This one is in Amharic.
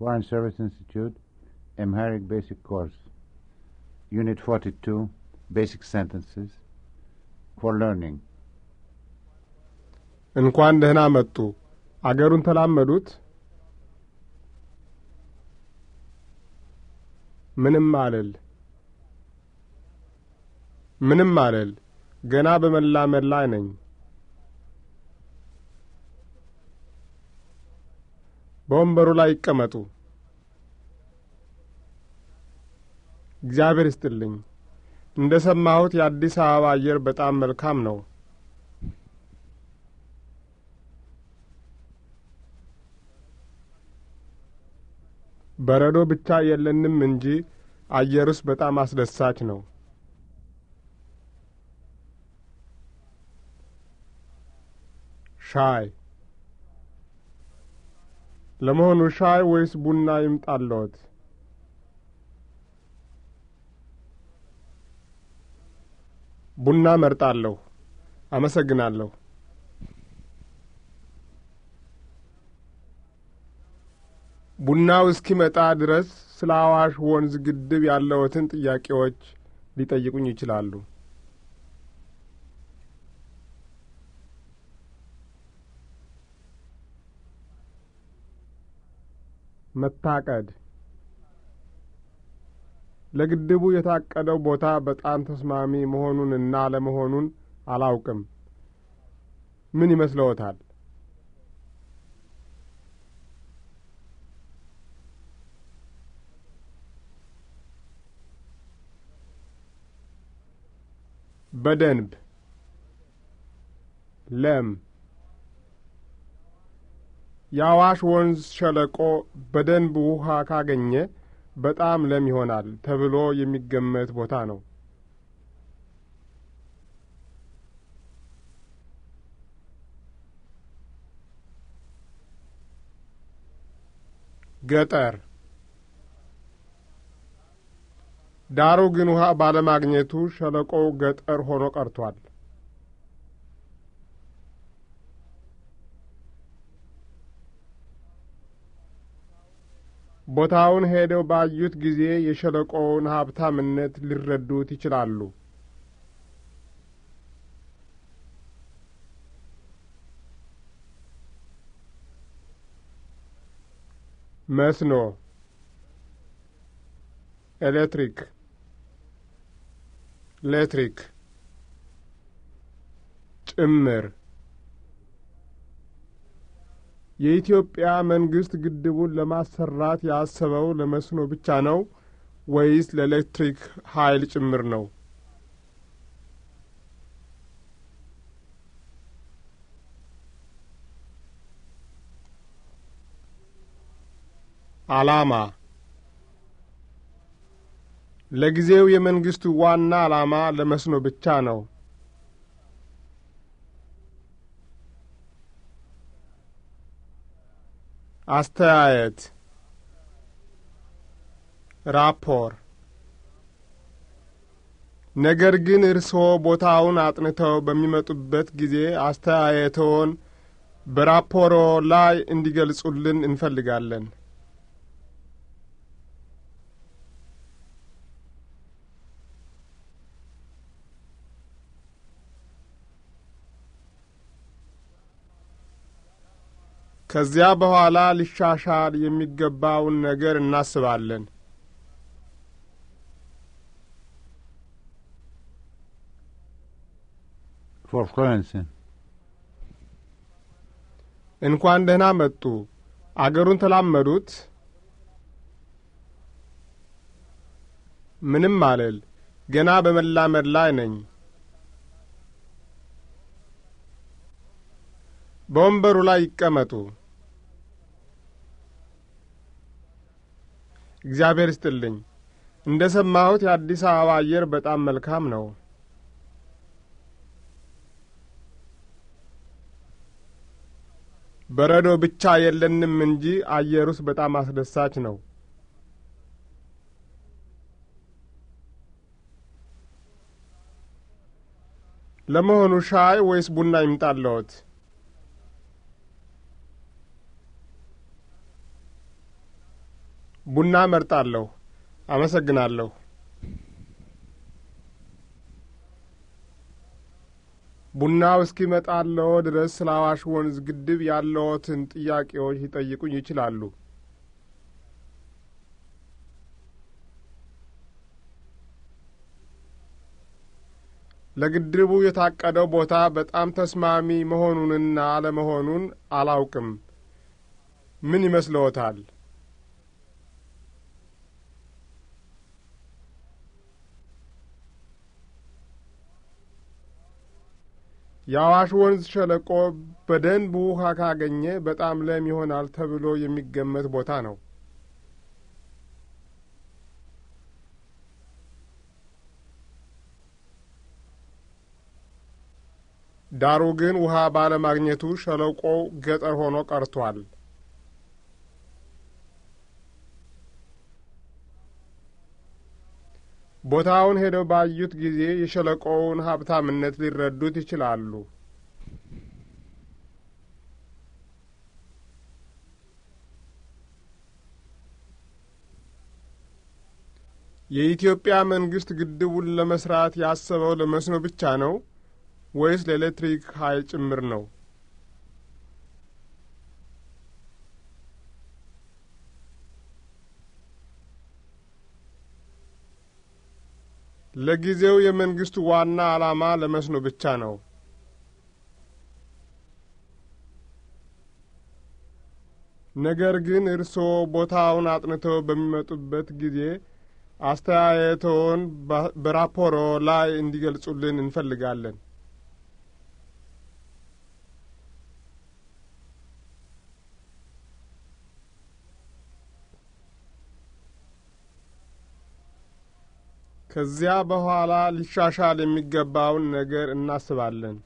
Foreign Service Institute, Amharic Basic Course, Unit 42, Basic Sentences, for Learning. እንኳን ደህና መጡ። አገሩን ተላመዱት? ምንም አለል ምንም አለል ገና በመላመድ ላይ ነኝ። በወንበሩ ላይ ይቀመጡ። እግዚአብሔር ይስጥልኝ። እንደ ሰማሁት የአዲስ አበባ አየር በጣም መልካም ነው። በረዶ ብቻ የለንም እንጂ አየሩስ በጣም አስደሳች ነው። ሻይ ለመሆኑ ሻይ ወይስ ቡና ይምጣለሁት ቡና መርጣለሁ። አመሰግናለሁ። ቡናው እስኪመጣ ድረስ ስለ አዋሽ ወንዝ ግድብ ያለዎትን ጥያቄዎች ሊጠይቁኝ ይችላሉ። መታቀድ ለግድቡ የታቀደው ቦታ በጣም ተስማሚ መሆኑንና ለመሆኑን አላውቅም። ምን ይመስለዎታል? በደንብ ለም የአዋሽ ወንዝ ሸለቆ በደንብ ውሃ ካገኘ በጣም ለም ይሆናል ተብሎ የሚገመት ቦታ ነው። ገጠር ዳሩ ግን ውሃ ባለማግኘቱ ሸለቆው ገጠር ሆኖ ቀርቷል። ቦታውን ሄደው ባዩት ጊዜ የሸለቆውን ሀብታምነት ሊረዱት ይችላሉ። መስኖ፣ ኤሌክትሪክ፣ ኤሌክትሪክ ጭምር የኢትዮጵያ መንግስት ግድቡን ለማሰራት ያሰበው ለመስኖ ብቻ ነው ወይስ ለኤሌክትሪክ ኃይል ጭምር ነው? ዓላማ ለጊዜው የመንግስቱ ዋና ዓላማ ለመስኖ ብቻ ነው። አስተያየት፣ ራፖር። ነገር ግን እርስዎ ቦታውን አጥንተው በሚመጡበት ጊዜ አስተያየትዎን በራፖሮ ላይ እንዲገልጹልን እንፈልጋለን። ከዚያ በኋላ ሊሻሻል የሚገባውን ነገር እናስባለን። እንኳን ደህና መጡ። አገሩን ተላመዱት? ምንም አለል። ገና በመላመድ ላይ ነኝ። በወንበሩ ላይ ይቀመጡ። እግዚአብሔር ይስጥልኝ። እንደ ሰማሁት የአዲስ አበባ አየር በጣም መልካም ነው። በረዶ ብቻ የለንም እንጂ አየሩስ በጣም አስደሳች ነው። ለመሆኑ ሻይ ወይስ ቡና ይምጣልዎት? ቡና መርጣለሁ። አመሰግናለሁ። ቡናው እስኪመጣለው ድረስ ስለ አዋሽ ወንዝ ግድብ ያለዎትን ጥያቄዎች ሊጠይቁኝ ይችላሉ። ለግድቡ የታቀደው ቦታ በጣም ተስማሚ መሆኑንና አለመሆኑን አላውቅም። ምን ይመስልዎታል? የአዋሽ ወንዝ ሸለቆ በደንብ ውሃ ካገኘ በጣም ለም ይሆናል ተብሎ የሚገመት ቦታ ነው። ዳሩ ግን ውሃ ባለማግኘቱ ሸለቆው ገጠር ሆኖ ቀርቷል። ቦታውን ሄደው ባዩት ጊዜ የሸለቆውን ሀብታምነት ሊረዱት ይችላሉ። የኢትዮጵያ መንግስት ግድቡን ለመስራት ያሰበው ለመስኖ ብቻ ነው ወይስ ለኤሌክትሪክ ኃይል ጭምር ነው? ለጊዜው የመንግስት ዋና ዓላማ ለመስኖ ብቻ ነው። ነገር ግን እርስዎ ቦታውን አጥንተው በሚመጡበት ጊዜ አስተያየቶን በራፖሮ ላይ እንዲገልጹልን እንፈልጋለን። ከዚያ በኋላ ሊሻሻል የሚገባውን ነገር እናስባለን።